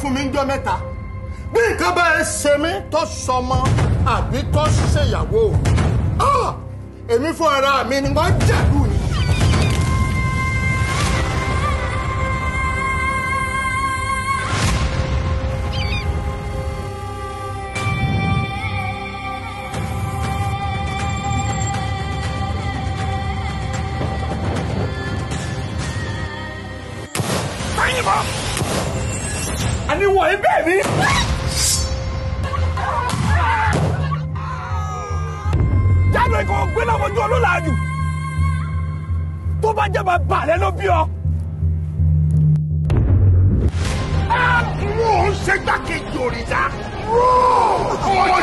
fún mi ń jọ́ mẹ́ta bí nǹkan bá ẹ ṣe mí tó sọmọ àbí tó ṣèyàwó èmi fún ara mi ni wọ́n jẹ̀lú yìí. Bring him àní wọ̀nyí bẹ́ẹ̀ ni. jáde kò gbé náà fojú olólàájú tó bá jẹ́ bá balẹ̀ ló bí ọ. mo ń ṣe gbàkejì òrìṣà. rọ́ọ̀ ọ̀rọ̀